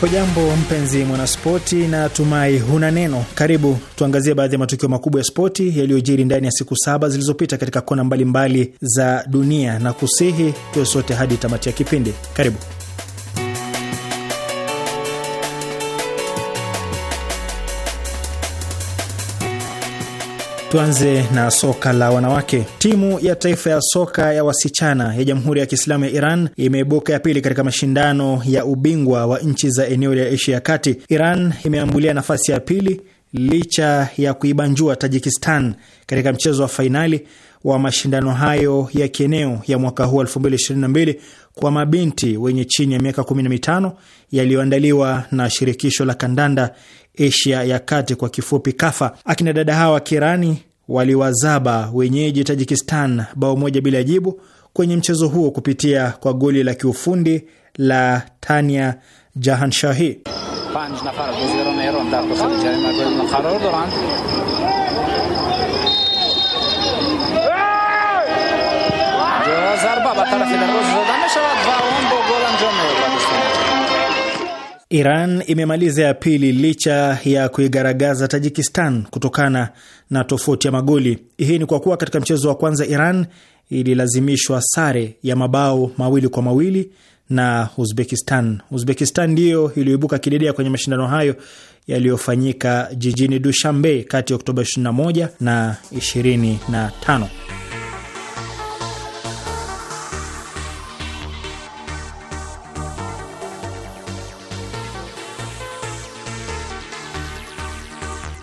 Hujambo mpenzi mwanaspoti, na tumai huna neno. Karibu tuangazie baadhi ya matukio makubwa ya spoti yaliyojiri ndani ya siku saba zilizopita katika kona mbalimbali mbali za dunia, na kusihi tuwe sote hadi tamati ya kipindi. Karibu. Tuanze na soka la wanawake. Timu ya taifa ya soka ya wasichana ya Jamhuri ya Kiislamu ya Iran imeibuka ya pili katika mashindano ya ubingwa wa nchi za eneo la Asia ya Kati. Iran imeambulia nafasi ya pili licha ya kuibanjua Tajikistan katika mchezo wa fainali wa mashindano hayo ya kieneo ya mwaka huu 2022 kwa mabinti wenye chini ya miaka 15 yaliyoandaliwa na shirikisho la kandanda Asia ya Kati, kwa kifupi KAFA. Akina dada hawa wa Kirani waliwazaba wenyeji Tajikistan bao moja bila jibu kwenye mchezo huo kupitia kwa goli la kiufundi la Tania Jahanshahi. Iran imemaliza ya pili licha ya kuigaragaza Tajikistan kutokana na tofauti ya magoli. Hii ni kwa kuwa katika mchezo wa kwanza Iran ililazimishwa sare ya mabao mawili kwa mawili na Uzbekistan. Uzbekistan ndiyo iliyoibuka kidedea kwenye mashindano hayo yaliyofanyika jijini Dushanbe kati ya Oktoba 21 na 25.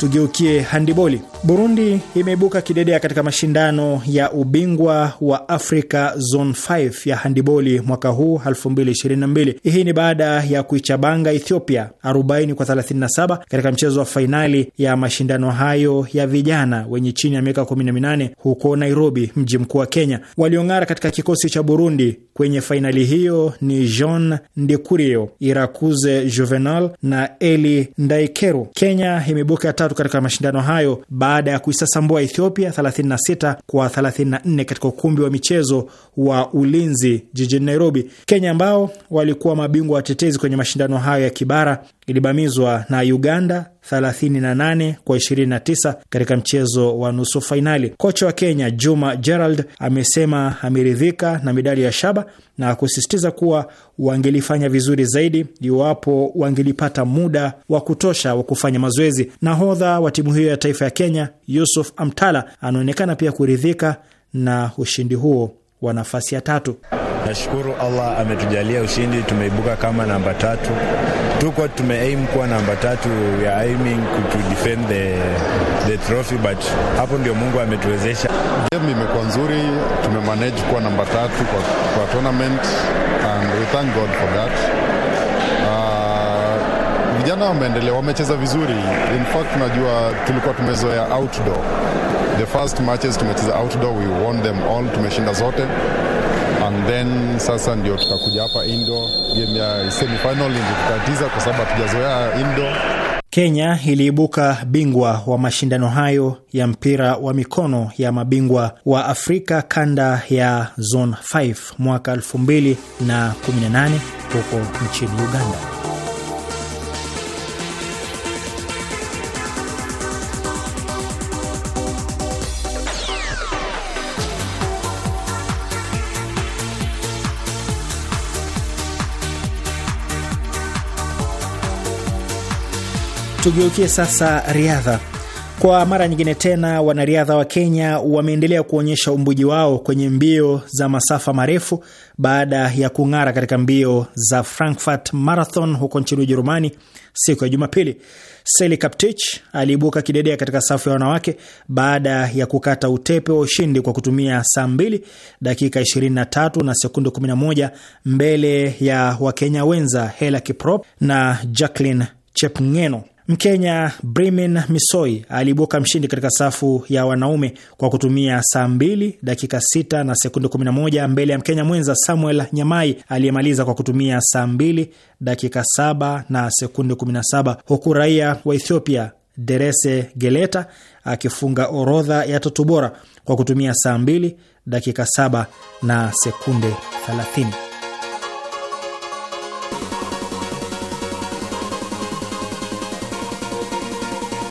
tugeukie handiboli. Burundi imeibuka kidedea katika mashindano ya ubingwa wa africa Zone 5 ya handiboli mwaka huu 2022. Hii ni baada ya kuichabanga Ethiopia 40 kwa 37 katika mchezo wa fainali ya mashindano hayo ya vijana wenye chini ya miaka 18 huko Nairobi, mji mkuu wa Kenya. Waliong'ara katika kikosi cha Burundi kwenye fainali hiyo ni Jean Ndikurio, Irakuze Juvenal na Eli Ndaikeru. Kenya imeibuka ya tatu katika mashindano hayo ba baada ya kuisasambua Ethiopia 36 kwa 34 katika ukumbi wa michezo wa Ulinzi jijini Nairobi. Kenya ambao walikuwa mabingwa watetezi kwenye mashindano hayo ya kibara ilibamizwa na Uganda 38 kwa 29 katika mchezo wa nusu fainali. Kocha wa Kenya Juma Gerald amesema ameridhika na medali ya shaba na kusisitiza kuwa wangelifanya vizuri zaidi iwapo wangelipata muda wa kutosha wa kufanya mazoezi. Nahodha wa timu hiyo ya taifa ya Kenya Yusuf Amtala anaonekana pia kuridhika na ushindi huo wa nafasi ya tatu. Nashukuru Allah ametujalia ushindi, tumeibuka kama namba tatu. Tuko tumeaim kuwa namba tatu, we are aiming to defend the, the trophy, but hapo ndio Mungu ametuwezesha. Game imekuwa nzuri, tumemanage kuwa namba tatu kwa, kwa tournament and we thank God for that. Ah, vijana wameendelea, wamecheza vizuri. In fact, najua tulikuwa tumezoea outdoor the first matches tumecheza outdoor we won them all, tumeshinda zote and then sasa ndio tutakuja hapa indoor game ya semifinal ndio tutatiza kwa sababu hatujazoea indo Kenya iliibuka bingwa wa mashindano hayo ya mpira wa mikono ya mabingwa wa Afrika kanda ya Zone 5 mwaka 2018 huko nchini Uganda. Tugeukie sasa riadha. Kwa mara nyingine tena wanariadha wa Kenya wameendelea kuonyesha umbuji wao kwenye mbio za masafa marefu baada ya kung'ara katika mbio za Frankfurt Marathon huko nchini Ujerumani siku ya Jumapili. Seli Kaptich aliibuka kidedea katika safu ya wanawake baada ya kukata utepe wa ushindi kwa kutumia saa 2 dakika 23 na sekunde 11 mbele ya Wakenya wenza Hela Kiprop na Jacqueline Chepngeno. Mkenya Brimin Misoi aliibuka mshindi katika safu ya wanaume kwa kutumia saa 2 dakika 6 na sekunde 11 mbele ya Mkenya mwenza Samuel Nyamai aliyemaliza kwa kutumia saa 2 dakika 7 na sekunde 17, huku raia wa Ethiopia Derese Geleta akifunga orodha ya tatu bora kwa kutumia saa 2 dakika 7 na sekunde 30.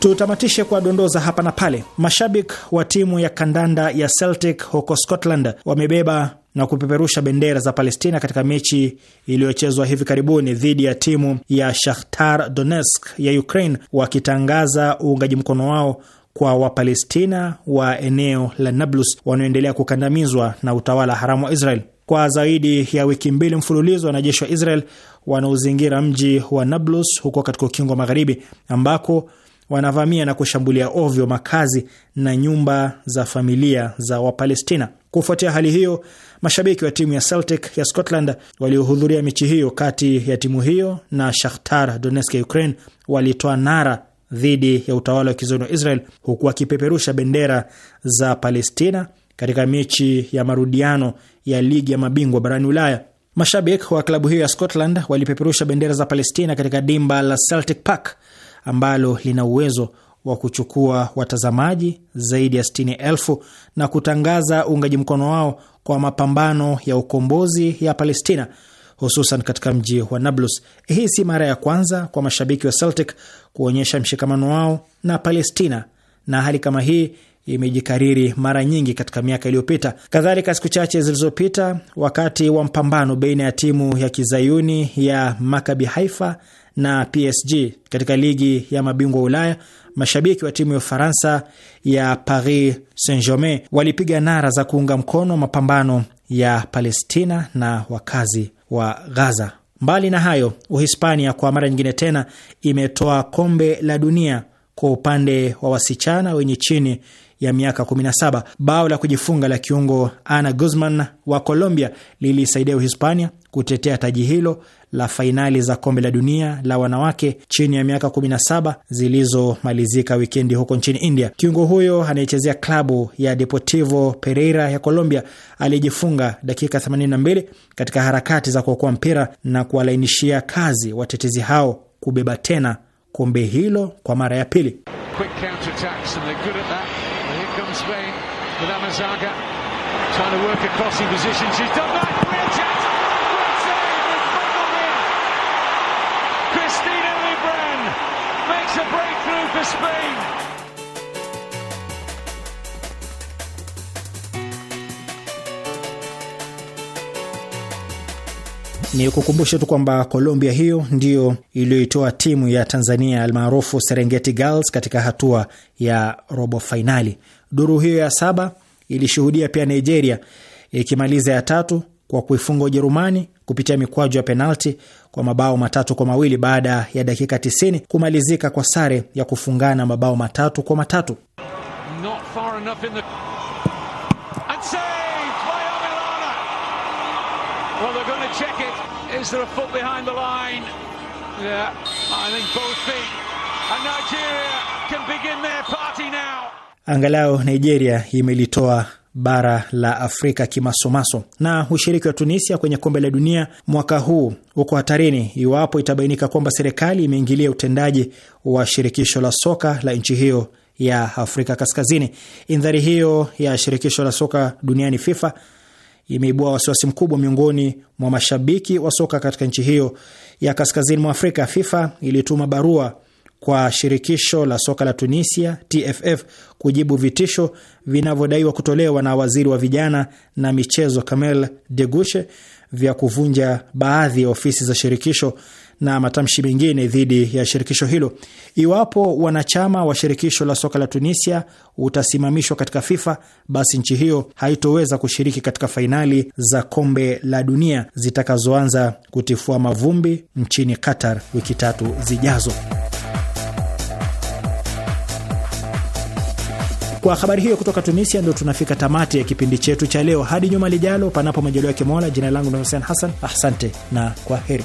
Tutamatishe kwa dondoza hapa na pale. Mashabiki wa timu ya kandanda ya Celtic huko Scotland wamebeba na kupeperusha bendera za Palestina katika mechi iliyochezwa hivi karibuni dhidi ya timu ya Shakhtar Donetsk ya Ukraine, wakitangaza uungaji mkono wao kwa Wapalestina wa eneo la Nablus wanaoendelea kukandamizwa na utawala haramu wa Israel. Kwa zaidi ya wiki mbili mfululizo, wanajeshi wa Israel wanaozingira mji wa Nablus huko katika ukingo wa magharibi ambako wanavamia na kushambulia ovyo makazi na nyumba za familia za Wapalestina. Kufuatia hali hiyo, mashabiki wa timu ya Celtic ya Scotland waliohudhuria mechi hiyo kati ya timu hiyo na Shakhtar Donetsk ya Ukraine walitoa nara dhidi ya utawala wa kizoni wa Israel huku wakipeperusha bendera za Palestina katika mechi ya marudiano ya ligi ya mabingwa barani Ulaya. Mashabiki wa klabu hiyo ya Scotland walipeperusha bendera za Palestina katika dimba la Celtic Park ambalo lina uwezo wa kuchukua watazamaji zaidi ya sitini elfu na kutangaza uungaji mkono wao kwa mapambano ya ukombozi ya Palestina hususan katika mji wa Nablus. Hii si mara ya kwanza kwa mashabiki wa Celtic kuonyesha mshikamano wao na Palestina, na hali kama hii imejikariri mara nyingi katika miaka iliyopita. Kadhalika, siku chache zilizopita, wakati wa mpambano baina ya timu ya kizayuni ya Makabi Haifa na PSG katika ligi ya mabingwa Ulaya, mashabiki wa timu ya Ufaransa ya Paris Saint-Germain walipiga nara za kuunga mkono mapambano ya Palestina na wakazi wa Gaza. Mbali na hayo, Uhispania kwa mara nyingine tena imetoa kombe la dunia kwa upande wa wasichana wenye chini ya miaka 17. Bao la kujifunga la kiungo Ana Guzman wa Colombia lilisaidia Uhispania kutetea taji hilo la fainali za kombe la dunia la wanawake chini ya miaka 17 zilizomalizika wikendi huko nchini India. Kiungo huyo anayechezea klabu ya Deportivo Pereira ya Colombia aliyejifunga dakika 82 katika harakati za kuokoa mpira na kuwalainishia kazi watetezi hao kubeba tena kombe hilo kwa mara ya pili. Quick comes Spain with Amazaga trying to work across in position. She's done that. Real chance. Great save with Fogelman. Christina Libran makes a breakthrough for Spain. Ni kukumbusha tu kwamba Colombia hiyo ndiyo iliyoitoa timu ya Tanzania almaarufu Serengeti Girls katika hatua ya robo fainali. Duru hiyo ya saba ilishuhudia pia Nigeria ikimaliza ya tatu kwa kuifunga Ujerumani kupitia mikwaju ya penalti kwa mabao matatu kwa mawili baada ya dakika 90 kumalizika kwa sare ya kufungana mabao matatu kwa matatu angalau Nigeria imelitoa bara la Afrika kimasomaso. Na ushiriki wa Tunisia kwenye kombe la dunia mwaka huu uko hatarini iwapo itabainika kwamba serikali imeingilia utendaji wa shirikisho la soka la nchi hiyo ya Afrika Kaskazini. Indhari hiyo ya shirikisho la soka duniani FIFA imeibua wasiwasi mkubwa miongoni mwa mashabiki wa soka katika nchi hiyo ya kaskazini mwa Afrika. FIFA ilituma barua kwa shirikisho la soka la Tunisia TFF kujibu vitisho vinavyodaiwa kutolewa na waziri wa vijana na michezo Kamel Deguche vya kuvunja baadhi ya ofisi za shirikisho na matamshi mengine dhidi ya shirikisho hilo. Iwapo wanachama wa shirikisho la soka la Tunisia utasimamishwa katika FIFA, basi nchi hiyo haitoweza kushiriki katika fainali za kombe la dunia zitakazoanza kutifua mavumbi nchini Qatar wiki tatu zijazo. Kwa habari hiyo kutoka Tunisia, ndio tunafika tamati ya kipindi chetu cha leo. Hadi juma lijalo, panapo majaliwa ya Jina langu ni Hussein Hassan, asante na kwa heri.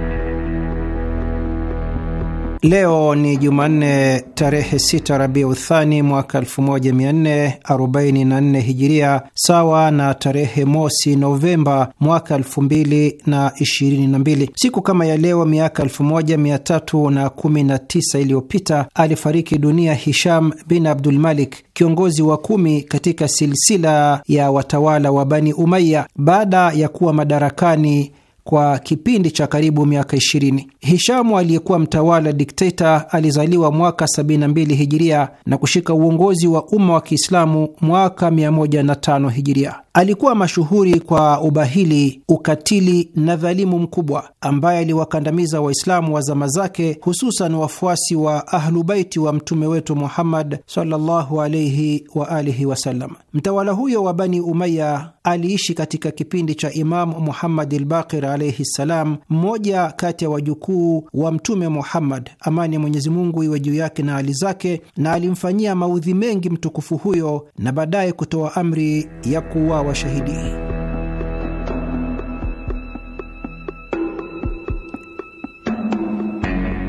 Leo ni Jumanne tarehe 6 Rabiu Thani mwaka 1444 Hijiria, sawa na tarehe mosi Novemba mwaka 2022. Siku kama ya leo miaka 1319 iliyopita alifariki dunia Hisham bin Abdulmalik, kiongozi wa kumi katika silsila ya watawala wa Bani Umaya baada ya kuwa madarakani kwa kipindi cha karibu miaka 20. Hishamu aliyekuwa mtawala dikteta alizaliwa mwaka 72 hijiria na kushika uongozi wa umma wa Kiislamu mwaka 105 hijiria. Alikuwa mashuhuri kwa ubahili, ukatili na dhalimu mkubwa, ambaye aliwakandamiza Waislamu wa zama zake, hususan wafuasi wa Ahlubaiti wa mtume wetu Muhammad sallallahu alaihi wa alihi wasallam. Mtawala huyo wa Bani Umaya aliishi katika kipindi cha Imamu Muhammad Albakir alaihi ssalam, mmoja kati ya wajukuu wa Mtume Muhammad, amani ya Mwenyezi Mungu iwe juu yake na hali zake, na alimfanyia maudhi mengi mtukufu huyo na baadaye kutoa amri ya kuwa wauawa shahidi.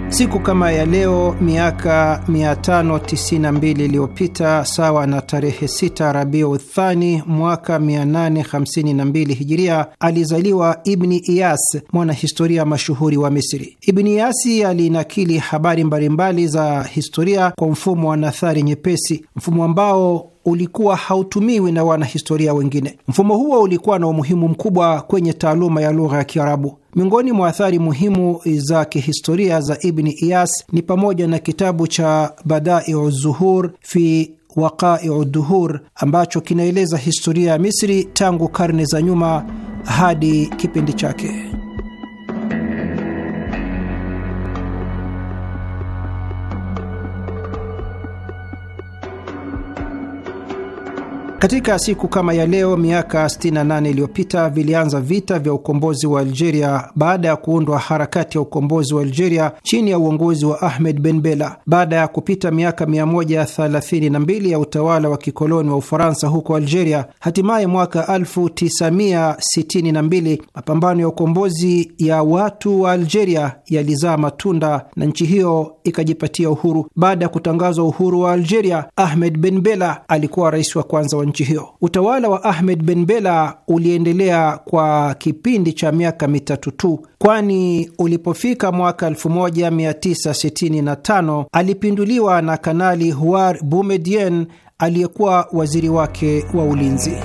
Siku kama ya leo miaka 592 iliyopita sawa na tarehe 6 Rabiu Thani mwaka 852 Hijiria, alizaliwa Ibni Iyas, mwanahistoria mashuhuri wa Misri. Ibni Iyasi alinakili habari mbalimbali za historia kwa mfumo wa nathari nyepesi, mfumo ambao ulikuwa hautumiwi na wanahistoria wengine. Mfumo huo ulikuwa na umuhimu mkubwa kwenye taaluma ya lugha ya Kiarabu. Miongoni mwa athari muhimu za kihistoria za Ibni Iyas ni pamoja na kitabu cha Badaiu Zuhur fi Waqaiu Duhur ambacho kinaeleza historia ya Misri tangu karne za nyuma hadi kipindi chake. Katika siku kama ya leo miaka 68 iliyopita vilianza vita vya ukombozi wa Algeria baada ya kuundwa harakati ya ukombozi wa Algeria chini ya uongozi wa Ahmed Ben Bella. Baada ya kupita miaka 132 ya utawala wa kikoloni wa Ufaransa huko Algeria, hatimaye mwaka 1962 mapambano ya ukombozi ya watu wa Algeria yalizaa matunda na nchi hiyo ikajipatia uhuru. Baada ya kutangazwa uhuru wa Algeria, Ahmed Ben Bella alikuwa rais wa kwanza wa nchi hiyo. Utawala wa Ahmed Ben Bella uliendelea kwa kipindi cha miaka mitatu tu, kwani ulipofika mwaka 1965 alipinduliwa na Kanali Houari Boumediene aliyekuwa waziri wake wa ulinzi.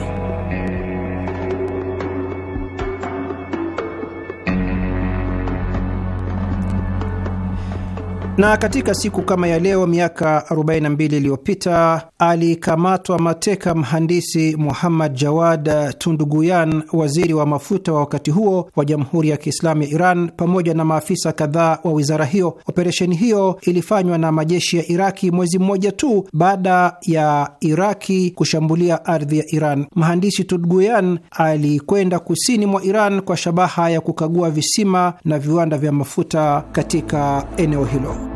Na katika siku kama ya leo miaka 42 iliyopita alikamatwa mateka mhandisi Muhammad Jawad Tunduguyan, waziri wa mafuta wa wakati huo wa Jamhuri ya Kiislamu ya Iran, pamoja na maafisa kadhaa wa wizara hiyo. Operesheni hiyo ilifanywa na majeshi ya Iraki mwezi mmoja tu baada ya Iraki kushambulia ardhi ya Iran. Mhandisi Tunduguyan alikwenda kusini mwa Iran kwa shabaha ya kukagua visima na viwanda vya mafuta katika eneo hilo.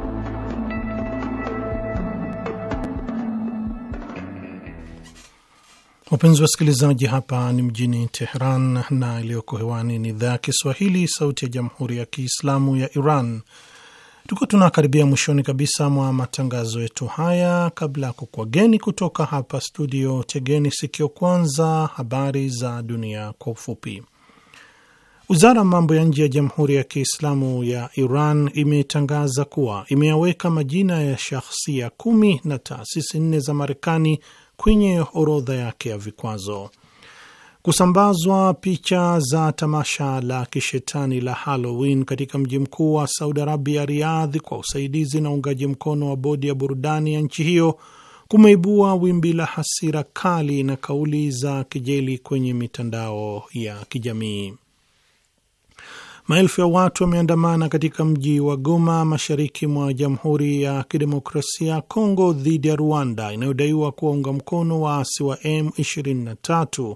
Wapenzi wasikilizaji, hapa ni mjini Teheran na iliyoko hewani ni idhaa ya Kiswahili, sauti ya jamhuri ya kiislamu ya Iran. Tukiwa tunakaribia mwishoni kabisa mwa matangazo yetu haya. Kabla ya kukwageni kutoka hapa studio, tegeni sikio kwanza habari za dunia kwa ufupi. Wizara ya mambo ya nje ya jamhuri ya kiislamu ya Iran imetangaza kuwa imeyaweka majina ya shahsia kumi na taasisi nne za Marekani kwenye orodha yake ya vikwazo. Kusambazwa picha za tamasha la kishetani la Halloween katika mji mkuu wa Saudi Arabia, riadhi kwa usaidizi na uungaji mkono wa bodi ya burudani ya nchi hiyo kumeibua wimbi la hasira kali na kauli za kijeli kwenye mitandao ya kijamii. Maelfu ya watu wameandamana katika mji wa Goma, mashariki mwa Jamhuri ya Kidemokrasia ya Kongo dhidi ya Rwanda inayodaiwa kuwaunga mkono waasi wa M23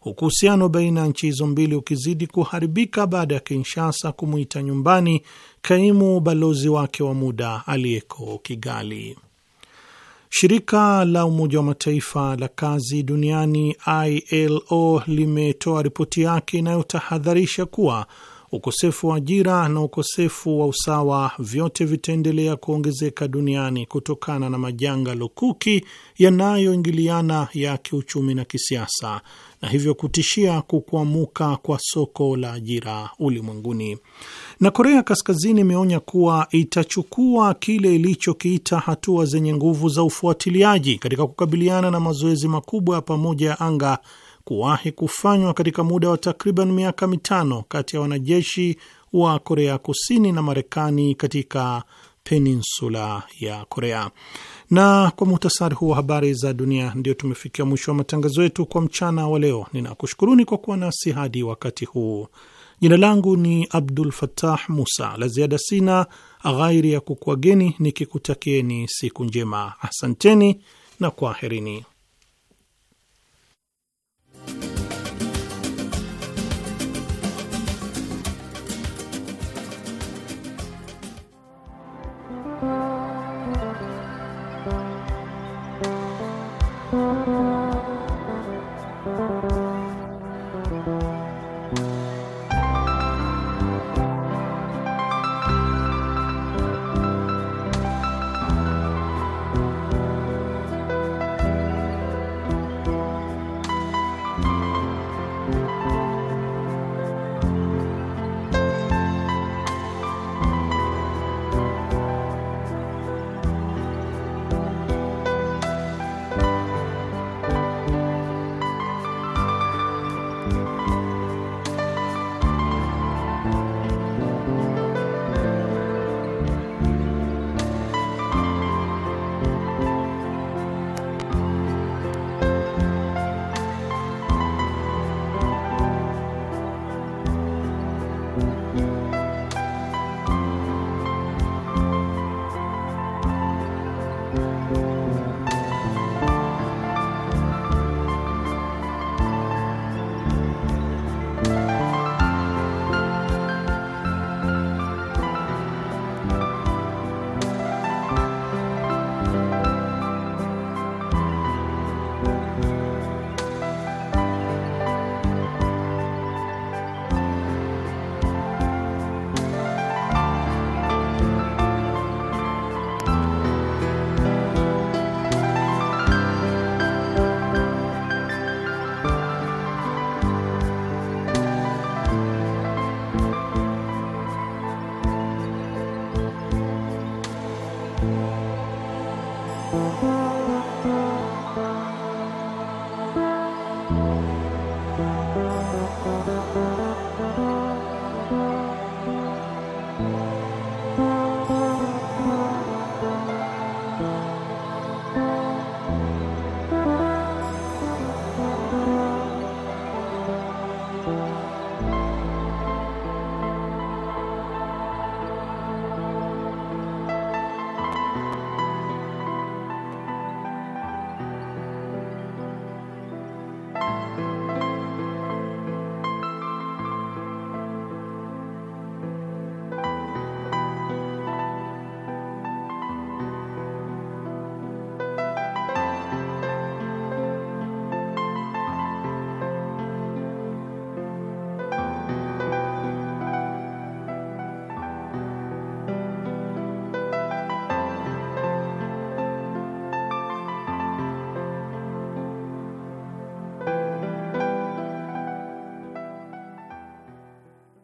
huku uhusiano baina ya nchi hizo mbili ukizidi kuharibika baada ya Kinshasa kumwita nyumbani kaimu balozi wake wa muda aliyeko Kigali. Shirika la Umoja wa Mataifa la kazi duniani ILO limetoa ripoti yake inayotahadharisha kuwa Ukosefu wa ajira na ukosefu wa usawa vyote vitaendelea kuongezeka duniani kutokana na majanga lukuki yanayoingiliana ya kiuchumi na kisiasa, na hivyo kutishia kukwamuka kwa soko la ajira ulimwenguni. Na Korea Kaskazini imeonya kuwa itachukua kile ilichokiita hatua zenye nguvu za ufuatiliaji katika kukabiliana na mazoezi makubwa ya pamoja ya anga kuwahi kufanywa katika muda wa takriban miaka mitano kati ya wanajeshi wa Korea Kusini na Marekani katika peninsula ya Korea. Na kwa muhtasari huu wa habari za dunia, ndio tumefikia mwisho wa matangazo yetu kwa mchana wa leo. Ninakushukuruni kwa kuwa nasi hadi wakati huu. Jina langu ni Abdul fatah Musa. La ziada sina ghairi ya kukuageni nikikutakieni siku njema. Asanteni na kwaherini.